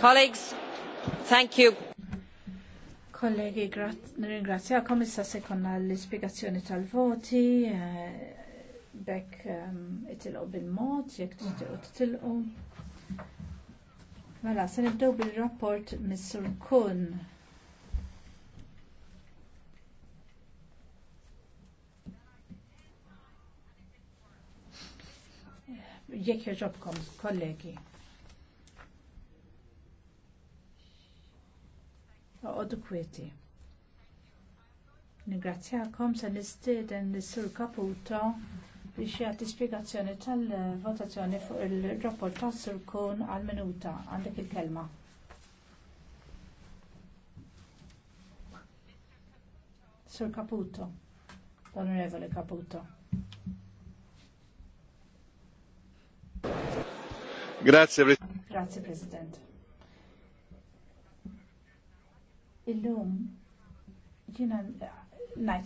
Colleagues, thank you. Kollegi, ringrazzjakom issa sekonna l-ispiegazzjoni tal-voti, eh, bekk ehm, itilqu bil-mod, jek titilqu titilqu. Mela, se nibdew bil-rapport Mr. Kun. jekk jogħġobkom, kollegi. Oqodu kwieti. Ningrazzjakom se nistieden l-Sur Caputo biex jagħti spjegazzjoni tal-votazzjoni fuq il-rapport ta' Sur Kun għal-minuta għandek il-kelma. Sur Caputo, Onorevole Caputo. Grazie, Grazie Presidente. Illum ġina ngħid